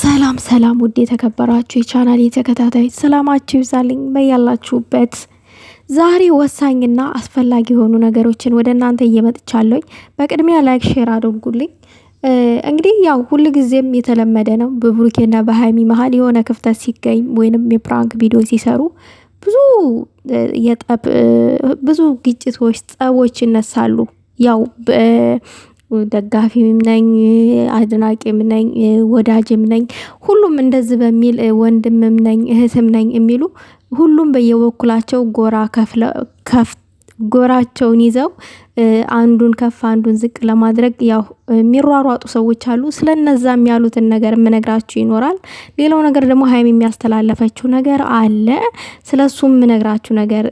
ሰላም ሰላም፣ ውድ የተከበራችሁ የቻናል የተከታታዮች ሰላማችሁ ይብዛልኝ በያላችሁበት። ዛሬ ወሳኝና አስፈላጊ የሆኑ ነገሮችን ወደ እናንተ እየመጥቻለሁኝ። በቅድሚያ ላይክ፣ ሼር አድርጉልኝ። እንግዲህ ያው ሁል ጊዜም የተለመደ ነው። በብሩኬና በሀይሚ መሀል የሆነ ክፍተት ሲገኝ ወይንም የፕራንክ ቪዲዮ ሲሰሩ ብዙ የጠብ ብዙ ግጭቶች፣ ጸቦች ይነሳሉ። ያው ደጋፊም ነኝ፣ አድናቂም ነኝ፣ ወዳጅም ነኝ፣ ሁሉም እንደዚህ በሚል ወንድምም ነኝ፣ እህትም ነኝ የሚሉ ሁሉም በየበኩላቸው ጎራ ከፍ ጎራቸውን ይዘው አንዱን ከፍ አንዱን ዝቅ ለማድረግ ያው የሚሯሯጡ ሰዎች አሉ። ስለነዛም ያሉትን ነገር የምነግራችሁ ይኖራል። ሌላው ነገር ደግሞ ሀይም የሚያስተላለፈችው ነገር አለ። ስለሱም የምነግራችሁ ነገር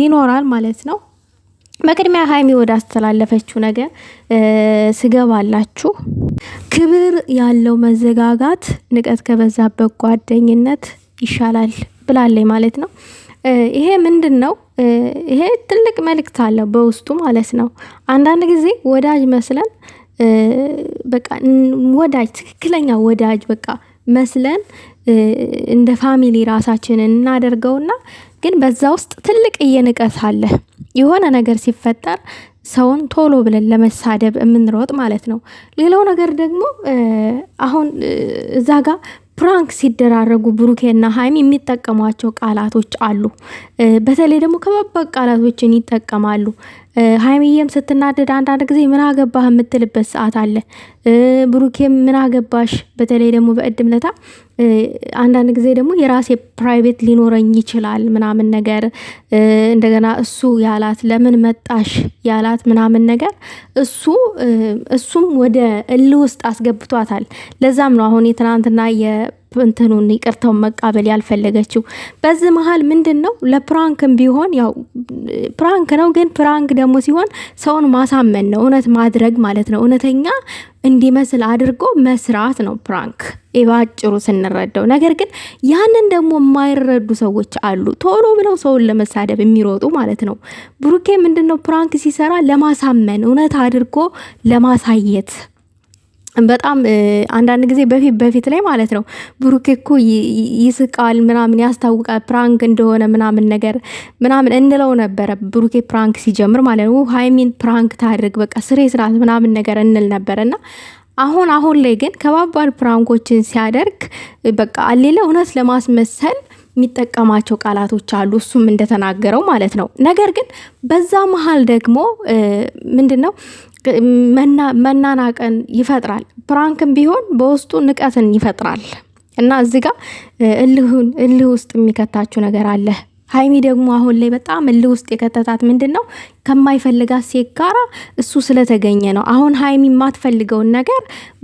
ሊኖራል ማለት ነው። በቅድሚያ ሀይሚ ወደ አስተላለፈችው ነገር ስገባላችሁ፣ ክብር ያለው መዘጋጋት ንቀት ከበዛበት ጓደኝነት ይሻላል ብላለኝ ማለት ነው። ይሄ ምንድን ነው? ይሄ ትልቅ መልእክት አለው በውስጡ ማለት ነው። አንዳንድ ጊዜ ወዳጅ መስለን በቃ ወዳጅ ትክክለኛ ወዳጅ በቃ መስለን እንደ ፋሚሊ ራሳችንን እናደርገውና ግን በዛ ውስጥ ትልቅ እየንቀት አለ። የሆነ ነገር ሲፈጠር ሰውን ቶሎ ብለን ለመሳደብ የምንሮጥ ማለት ነው። ሌላው ነገር ደግሞ አሁን እዛ ጋ ፕራንክ ሲደራረጉ ብሩኬና ሀይሚ የሚጠቀሟቸው ቃላቶች አሉ። በተለይ ደግሞ ከባባድ ቃላቶችን ይጠቀማሉ። ሀይሚዬም ስትናደድ አንዳንድ ጊዜ ምን አገባህ የምትልበት ሰዓት አለ። ብሩኬም ምን አገባሽ። በተለይ ደግሞ በእድም ለታ አንዳንድ ጊዜ ደግሞ የራሴ ፕራይቬት ሊኖረኝ ይችላል ምናምን ነገር እንደገና እሱ ያላት ለምን መጣሽ ያላት ምናምን ነገር እሱ እሱም ወደ እል ውስጥ አስገብቷታል። ለዛም ነው አሁን የትናንትና እንትኑን ይቅርታውን መቃበል ያልፈለገችው። በዚህ መሀል ምንድን ነው ለፕራንክም ቢሆን ያው ፕራንክ ነው፣ ግን ፕራንክ ደግሞ ሲሆን ሰውን ማሳመን ነው፣ እውነት ማድረግ ማለት ነው። እውነተኛ እንዲመስል አድርጎ መስራት ነው ፕራንክ ባጭሩ ስንረዳው። ነገር ግን ያንን ደግሞ የማይረዱ ሰዎች አሉ፣ ቶሎ ብለው ሰውን ለመሳደብ የሚሮጡ ማለት ነው። ብሩኬ ምንድን ነው ፕራንክ ሲሰራ ለማሳመን እውነት አድርጎ ለማሳየት በጣም አንዳንድ ጊዜ በፊት በፊት ላይ ማለት ነው ብሩኬ እኮ ይስቃል ምናምን ያስታውቃል ፕራንክ እንደሆነ ምናምን ነገር ምናምን እንለው ነበረ። ብሩኬ ፕራንክ ሲጀምር ማለት ነው ሀይሚን ፕራንክ ታድርግ በቃ ስሬ ስርዓት ምናምን ነገር እንል ነበር እና አሁን አሁን ላይ ግን ከባባድ ፕራንኮችን ሲያደርግ በቃ አሌለ እውነት ለማስመሰል የሚጠቀማቸው ቃላቶች አሉ። እሱም እንደተናገረው ማለት ነው። ነገር ግን በዛ መሀል ደግሞ ምንድን ነው መናናቅን ይፈጥራል። ፕራንክም ቢሆን በውስጡ ንቀትን ይፈጥራል እና እዚህ ጋር እልህ ውስጥ የሚከታችሁ ነገር አለ። ሀይሚ ደግሞ አሁን ላይ በጣም እልህ ውስጥ የከተታት ምንድን ነው ከማይፈልጋት ሴት ጋራ እሱ ስለተገኘ ነው። አሁን ሀይሚ የማትፈልገውን ነገር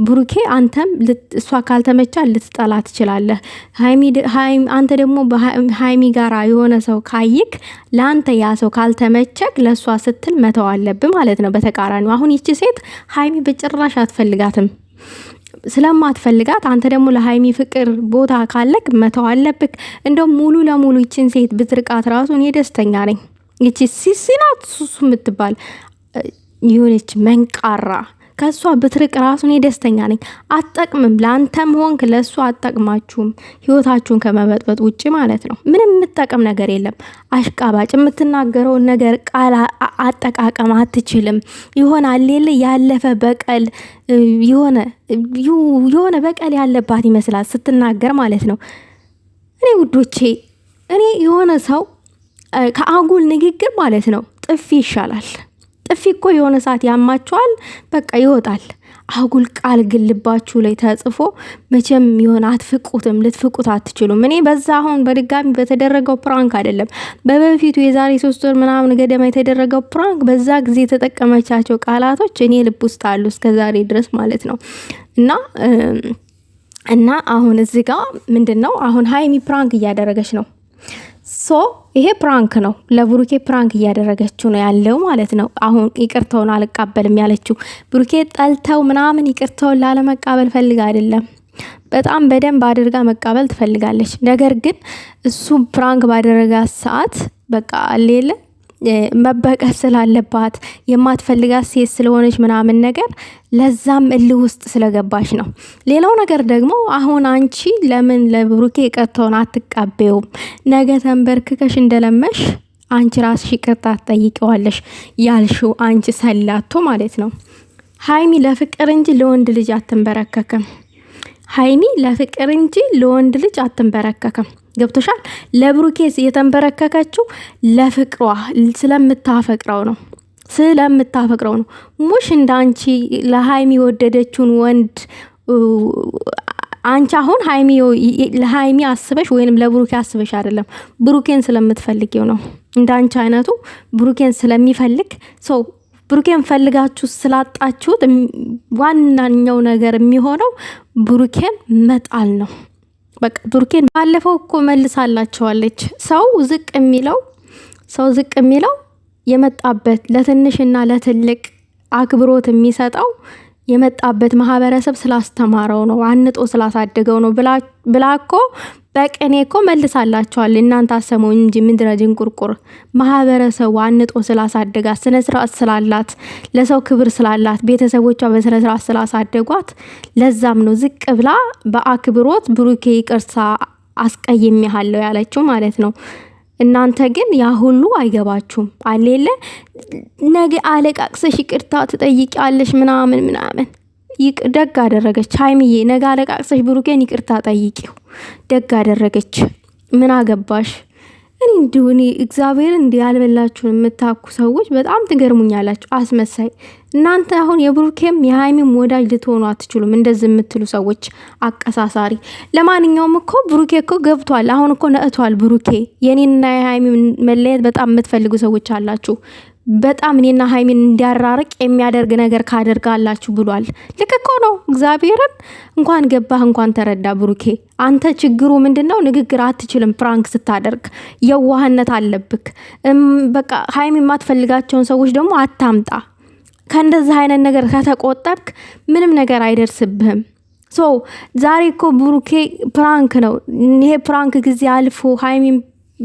ብሩኬ፣ አንተም እሷ ካልተመቻ ልትጠላ ትችላለህ። አንተ ደግሞ ሀይሚ ጋራ የሆነ ሰው ካይክ ለአንተ ያ ሰው ካልተመቸክ ለእሷ ስትል መተው ማለት ነው። በተቃራኒው አሁን ይቺ ሴት ሀይሚ በጭራሽ አትፈልጋትም። ስለማትፈልጋት አንተ ደግሞ ለሀይሚ ፍቅር ቦታ ካለክ መተው አለብክ። እንደም ሙሉ ለሙሉ ይችን ሴት ብትርቃት ራሱ እኔ ደስተኛ ነኝ። ይቺ ሲሲናት ሱሱ የምትባል የሆነች መንቃራ ከእሷ ብትርቅ ራሱ እኔ ደስተኛ ነኝ። አትጠቅምም፣ ለአንተም ሆንክ ለእሱ አትጠቅማችሁም። ህይወታችሁን ከመበጥበጥ ውጭ ማለት ነው። ምንም የምትጠቅም ነገር የለም። አሽቃባጭ፣ የምትናገረውን ነገር ቃል አጠቃቀም አትችልም። የሆነ አሌለ ያለፈ በቀል የሆነ የሆነ በቀል ያለባት ይመስላል ስትናገር ማለት ነው። እኔ ውዶቼ እኔ የሆነ ሰው ከአጉል ንግግር ማለት ነው ጥፊ ይሻላል። ጥፊ እኮ የሆነ ሰዓት ያማቸዋል፣ በቃ ይወጣል። አጉል ቃል ግን ልባችሁ ላይ ተጽፎ መቼም የሆነ አትፍቁትም፣ ልትፍቁት አትችሉም። እኔ በዛ አሁን በድጋሚ በተደረገው ፕራንክ አይደለም በበፊቱ የዛሬ ሶስት ወር ምናምን ገደማ የተደረገው ፕራንክ በዛ ጊዜ የተጠቀመቻቸው ቃላቶች እኔ ልብ ውስጥ አሉ እስከዛሬ ድረስ ማለት ነው እና እና አሁን እዚ ጋ ምንድን ነው አሁን ሀይሚ ፕራንክ እያደረገች ነው ሶ ይሄ ፕራንክ ነው። ለብሩኬ ፕራንክ እያደረገችው ነው ያለው ማለት ነው። አሁን ይቅርታውን አልቀበልም ያለችው ብሩኬ ጠልተው ምናምን ይቅርታውን ላለመቃበል ፈልግ አይደለም። በጣም በደንብ አድርጋ መቃበል ትፈልጋለች። ነገር ግን እሱ ፕራንክ ባደረጋት ሰዓት በቃ ሌለ መበቀል ስላለባት የማትፈልጋት ሴት ስለሆነች ምናምን ነገር ለዛም እልህ ውስጥ ስለገባች ነው። ሌላው ነገር ደግሞ አሁን አንቺ ለምን ለብሩኬ ቀጥታውን አትቃቤውም? ነገ ተንበርክከሽ እንደለመሽ አንቺ ራስሽ ይቅርታ ትጠይቀዋለሽ ያልሽው አንቺ ሰላቶ ማለት ነው። ሀይሚ ለፍቅር እንጂ ለወንድ ልጅ አትንበረከክም። ሀይሚ ለፍቅር እንጂ ለወንድ ልጅ አትንበረከክም። ገብቶሻል። ለብሩኬ የተንበረከከችው ለፍቅሯ ስለምታፈቅረው ነው ስለምታፈቅረው ነው። ሙሽ እንደ አንቺ ለሀይሚ የወደደችውን ወንድ አንቺ አሁን ለሀይሚ አስበሽ ወይንም ለብሩኬ አስበሽ አይደለም፣ ብሩኬን ስለምትፈልጊው ነው። እንደ አንቺ አይነቱ ብሩኬን ስለሚፈልግ ሰው ብሩኬን ፈልጋችሁ ስላጣችሁት ዋናኛው ነገር የሚሆነው ብሩኬን መጣል ነው። በቃ ቱርኬን ባለፈው እኮ መልሳላቸዋለች። ሰው ዝቅ የሚለው ሰው ዝቅ የሚለው የመጣበት ለትንሽና ለትልቅ አክብሮት የሚሰጠው የመጣበት ማህበረሰብ ስላስተማረው ነው አንጦ ስላሳደገው ነው ብላኮ በቀኔ በቅኔ እኮ መልሳላችኋል። እናንተ አሰሙ እንጂ ምድረ ጅንቁርቁር ማህበረሰቡ አንጦ ስላሳደጋት፣ ስነ ስርዓት ስላላት፣ ለሰው ክብር ስላላት፣ ቤተሰቦቿ በስነ ስርዓት ስላሳደጓት፣ ለዛም ነው ዝቅ ብላ በአክብሮት ብሩኬ ቅርሳ አስቀይሜሃለሁ ያለችው ማለት ነው። እናንተ ግን ያ ሁሉ አይገባችሁም። አሌለ ነገ አለቃቅሰሽ ይቅርታ ትጠይቂያለሽ ምናምን ምናምን። ደግ አደረገች ሀይምዬ። ነገ አለቃቅሰሽ ብሩኬን ይቅርታ ጠይቂው። ደግ አደረገች። ምን አገባሽ? እኔ እንዲሁ እኔ እግዚአብሔር እንዲህ ያልበላችሁን የምታኩ ሰዎች በጣም ትገርሙኛላችሁ። አስመሳይ እናንተ አሁን የብሩኬም የሀይሚም ወዳጅ ልትሆኑ አትችሉም፣ እንደዚህ የምትሉ ሰዎች አቀሳሳሪ። ለማንኛውም እኮ ብሩኬ እኮ ገብቷል፣ አሁን እኮ ነእቷል ብሩኬ። የኔና የሀይሚ መለየት በጣም የምትፈልጉ ሰዎች አላችሁ። በጣም እኔና ሀይሚን እንዲያራርቅ የሚያደርግ ነገር ካደርጋላችሁ ብሏል። ልክ እኮ ነው። እግዚአብሔርን እንኳን ገባህ እንኳን ተረዳ። ብሩኬ አንተ ችግሩ ምንድን ነው? ንግግር አትችልም። ፕራንክ ስታደርግ የዋህነት አለብክ። በቃ ሀይሚ የማትፈልጋቸውን ሰዎች ደግሞ አታምጣ። ከእንደዚህ አይነት ነገር ከተቆጠብክ ምንም ነገር አይደርስብህም። ሶ ዛሬ እኮ ብሩኬ ፕራንክ ነው። ይሄ ፕራንክ ጊዜ አልፎ ሀይሚን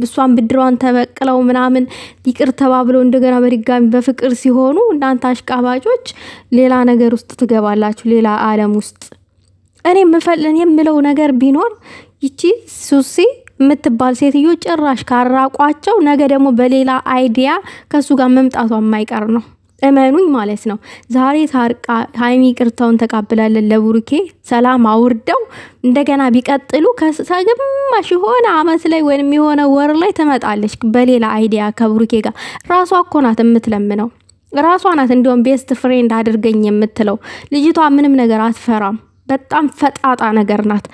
እሷን ብድሯን ተበቅለው ምናምን ይቅር ተባብለው እንደገና በድጋሚ በፍቅር ሲሆኑ እናንተ አሽቃባጮች ሌላ ነገር ውስጥ ትገባላችሁ፣ ሌላ ዓለም ውስጥ። እኔ ምፈልን የምለው ነገር ቢኖር ይቺ ሱሲ የምትባል ሴትዮ ጭራሽ ካራቋቸው ነገ ደግሞ በሌላ አይዲያ ከእሱ ጋር መምጣቷ የማይቀር ነው። እመኑኝ ማለት ነው። ዛሬ ታርቃ ሀይሚ ይቅርታውን ተቃብላለን ለቡሩኬ ሰላም አውርደው እንደገና ቢቀጥሉ ከግማሽ የሆነ አመት ላይ ወይም የሆነ ወር ላይ ትመጣለች በሌላ አይዲያ ከቡሩኬ ጋር። ራሷ እኮ ናት የምትለምነው፣ ራሷ ናት እንዲሁም ቤስት ፍሬንድ አድርገኝ የምትለው ልጅቷ። ምንም ነገር አትፈራም። በጣም ፈጣጣ ነገር ናት።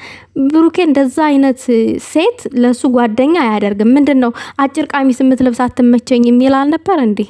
ብሩኬ እንደዛ አይነት ሴት ለሱ ጓደኛ አያደርግም። ምንድን ነው አጭር ቀሚስ የምትለብስ አትመቸኝ የሚል አልነበር እንዲህ